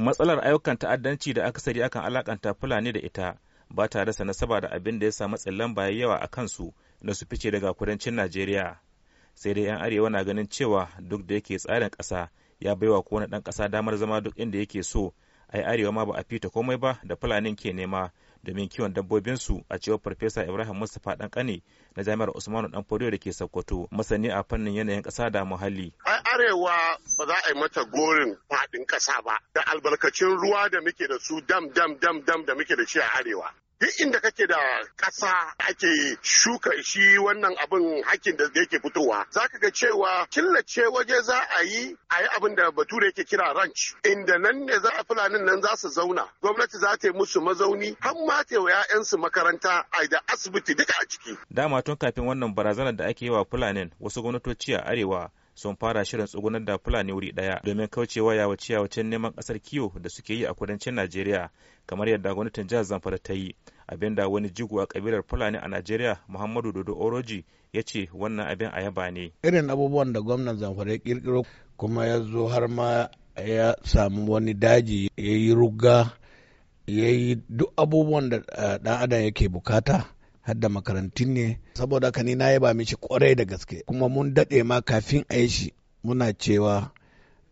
matsalar ayyukan ta'addanci da akasari akan alakanta fulani da ita ba ta rasa nasaba da abin da ya sa matsin lamba ya yawa a kansu na su fice daga kudancin najeriya sai dai 'yan arewa na ganin cewa duk da yake tsarin ƙasa ya baiwa kowane ɗan ƙasa damar zama duk inda yake so ai arewa ma ba a fita komai ba da fulanin ke nema domin kiwon dabbobinsu a cewar farfesa ibrahim mustapha dan kane na jami'ar usmanu dan da ke sokoto masani a fannin yanayin ƙasa da muhalli ai arewa ba za a yi mata gorin faɗin ƙasa ba da albarkacin ruwa da muke da su dam dam dam dam da muke da shi a arewa duk inda kake da ƙasa ake shuka shi wannan abin hakin da yake fitowa za ka ga cewa killace waje za a yi a yi abin da bature yake kira ranch inda nan ne za a fulanin nan za su zauna gwamnati za ta yi musu mazauni har ma ta yi wa 'ya'yansu makaranta a da asibiti duka a ciki. dama tun kafin wannan barazanar da ake yi wa fulanin wasu gwamnatoci a arewa sun fara shirin tsugunar da fulani wuri daya domin kaucewa yawace yawacen neman kasar kiwo da suke yi a kudancin najeriya kamar yadda gwamnatin jihar zamfara ta yi abin da wani jigo a kabilar fulani a najeriya muhammadu dodo oroji ya ce wannan abin a yaba ne irin abubuwan da gwamnan zamfara ya kirkiro kuma ya zo har ma ya samu wani daji ya yi ruga ya yi duk abubuwan da dan eh, adam yake bukata har da makarantun ne saboda haka ni na yaba mishi kwarai da gaske kuma mun daɗe ma kafin a yi shi muna cewa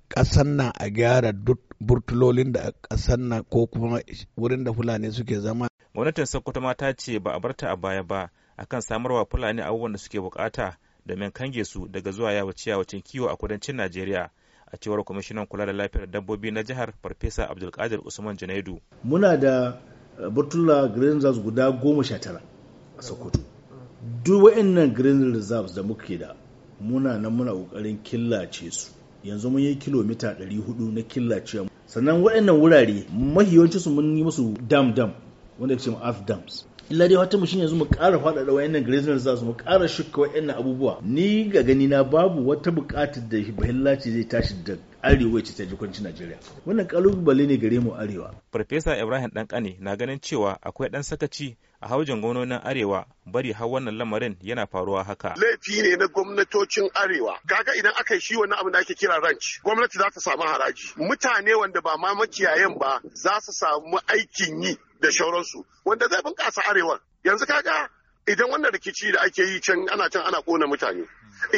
ƙasan nan a gyara duk burtulolin da ƙasan na ko kuma wurin da fulani suke zama gwamnatin sokoto ma ta ce ba a barta a baya ba akan samarwa fulani abubuwan da suke bukata domin kange su daga zuwa yawace yawacin kiwo a kudancin najeriya a cewar kwamishinan kula da lafiyar dabbobi na jihar farfesa abdulkadir usman janaidu muna da burtula grenzers guda goma sha tara a sokoto duk wa'annan green reserves da muke da muna nan muna kokarin killace su yanzu mun yi kilomita 400 na killace sannan waɗannan wurare mahiyawancin su mun yi musu dam dam wanda ke cewa earth dams illa dai wata mushin yanzu mu ƙara faɗaɗa wayannan Green reserves mu ƙara shuka wayannan abubuwa ni ga gani na babu wata buƙatar da bahillaci zai tashi da arewa ce ta jikwancin Najeriya. Wannan kalubale ne gare mu arewa. Farfesa Ibrahim Dankani na ganin cewa akwai ɗan sakaci a haujin gwamnonin arewa bari har wannan lamarin yana faruwa haka. Laifi ne na gwamnatocin arewa. Kaga idan aka yi shi wannan abin da ake kira ranch, gwamnati za ta samu haraji. Mutane wanda ba ma makiyayen ba za su samu aikin yi da shauransu wanda zai bunƙasa arewa. Yanzu kaga idan wannan rikici da ake yi can ana can ana kona mutane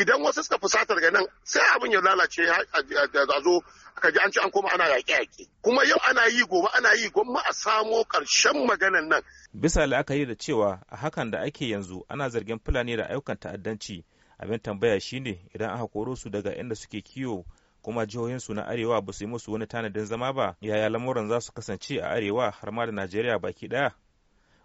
idan wasu suka fusata ga nan sai abin ya lalace a zo ka ji an ci an koma ana yaƙe yaƙe kuma yau ana yi gobe ana yi gwamma a samo ƙarshen maganan nan bisa la'akari da cewa a hakan da ake yanzu ana zargin fulani da ayyukan ta'addanci abin tambaya shine idan aka koro su daga inda suke kiwo kuma jihohinsu na arewa ba su yi musu wani tanadin zama ba yaya lamuran za su kasance a arewa har ma da najeriya baki daya